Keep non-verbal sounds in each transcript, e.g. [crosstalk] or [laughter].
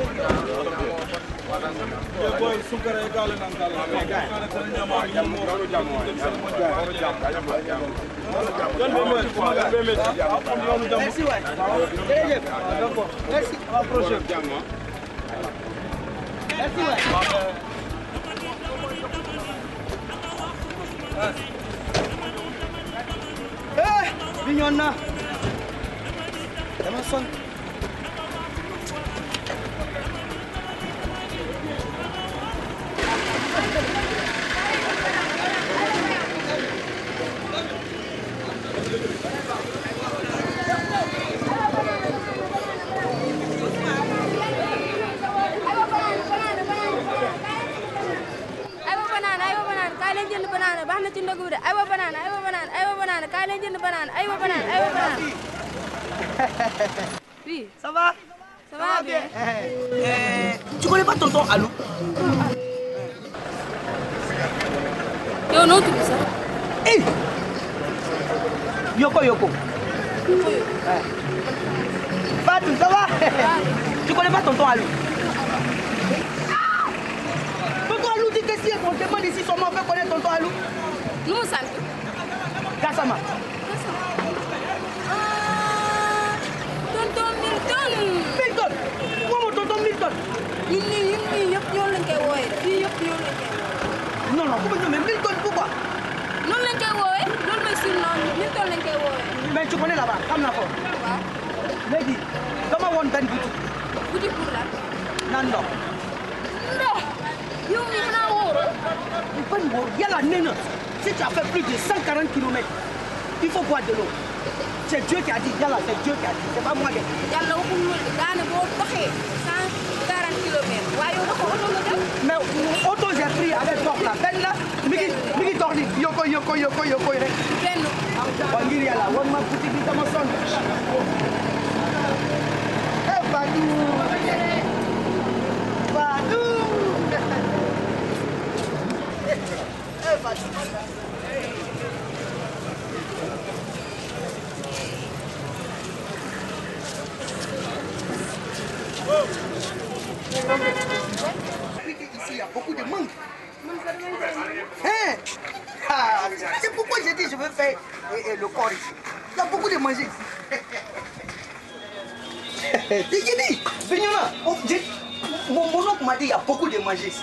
Merci, ouais. D'accord. Merci. À la prochaine. Merci, ouais. Eh, Bignona. Dama sant. jënd banaana baax na ci ndogu bi de aywa banaana aywa banaana aywa banaana kaay leen jënd banaana aywa banaana aywa banaana. [laughs] oui. ça va. ça va bien. Eh, eh, tu connais pas tonton Alou. Eh. yow noo tudd sax. eh. Yoko Yoko. Fatou ça va. tu connais pas tonton Alou. te si on demande ici seulement on fait connaître tonton Alou. nu mu sant. Gassama. ah tonton Milton. Milton moom tonton Milton. ñun ñii ñun ñii yëpp ñoo leen koy wooyee fii yëpp ñoo non non bu ma ñëwee Milton pourquoi. noonu lañ koy wooyee loolu mooy surnom Milton lañ koy wooyee. mais tu connais là-bas xam naa ko. waaw. léegi dama woon benn boutique. boutique pour la. naan ndox. ndox yow peux mourir. Il y a la naine. Si tu as fait plus de 140 km, il faut boire de l'eau. C'est Dieu qui a dit, Yalla, c'est Dieu qui a dit, c'est pas moi qui ai dit. Yalla, vous pouvez 140 km. Mais auto, j'ai pris avec toi la peine là. Miki Tordi, Yoko, Yoko, Yoko, Yoko. Peine. Bangiri, Yalla, one man, petit, eh, petit, petit, petit, petit, petit, petit, petit, il y a beaucoup de c'est pourquoi j'ai dit je veux faire le corps Il y a beaucoup de manger mon oncle m'a dit il y a beaucoup de manger ici.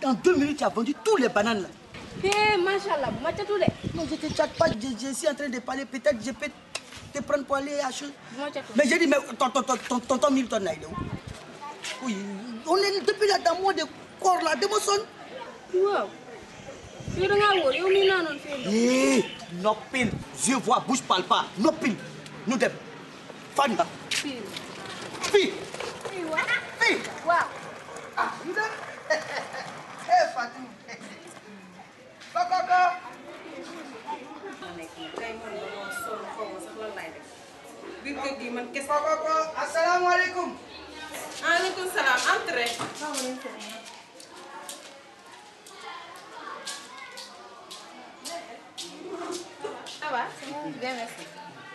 Dans deux minutes, tu as vendu tous les bananes eh, je te pas, je, suis en train de parler, peut-être je peux te prendre pour aller à Mais j'ai dit, mais ton ton Oui, on est depuis là dans de corps de Wow. Eh, bouge, parle pas. Nopin, nous deux. Fania. Fi. Fi. Fi. Waouh. Ah, nous deux. Hé, Fatou. Go, go, go. Assalamualaikum. Waalaikumsalam. Antre. Ça va? Bien, merci.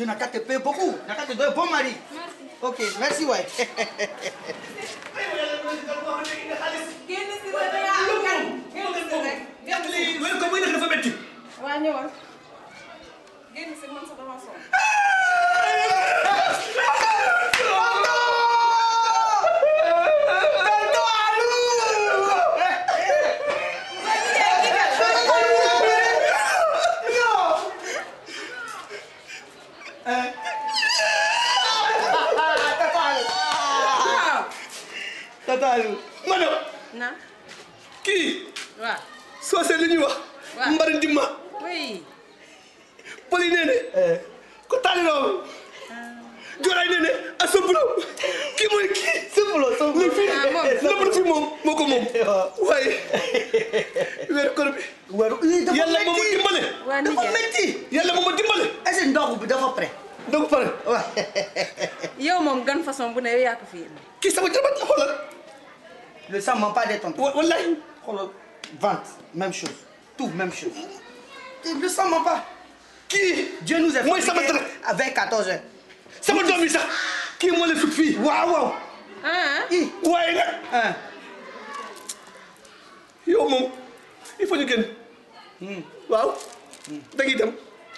Tu n'as qu'à te payer beaucoup. Tu n'as qu'à te donner un bon mari. Merci. Ok, merci waay. génn si man sa dama sonn. waaw soose li ñuy wax. waaw mbari dimma. oui. pël yi nee ne. Eh. ku tànn lool. Ah. Joraay nee ne ak ah, Sombolo kii mooy kii. Sombolo Sombolo la fi ah, moom ko moom. [laughs] waaye weeru koor bi. weeru yàlla moo ma dimbale. waa bi dafa pare. ndox pare waaw. [laughs] yow moom gan façon bu ne yow yaa ko fi. kii sama jabat la le sang pas détendu. wallahi Vente, même chose. Tout, même chose. Le sens pas. Qui Dieu nous a fait avec 14 heures. Ça me dormi ça Qui est moi le fille Waouh waouh Hein Ouais, Hein Yo, mon. Il faut que. Hmm. Waouh D'accord, hmm. dame.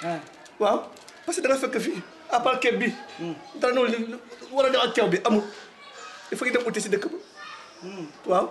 Hein? Waouh Parce que tu as fait que à part hmm. dans nos. Voilà, dans le amour. Il faut que tu fait un peu Waouh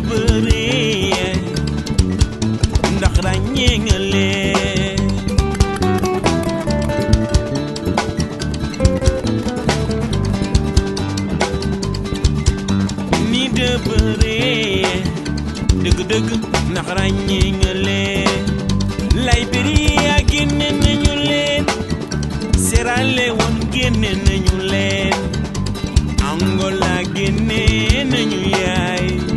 beri ndax ràññee nga lee ni Liberia génne nañu leen Sierra Leone Angola génne nañu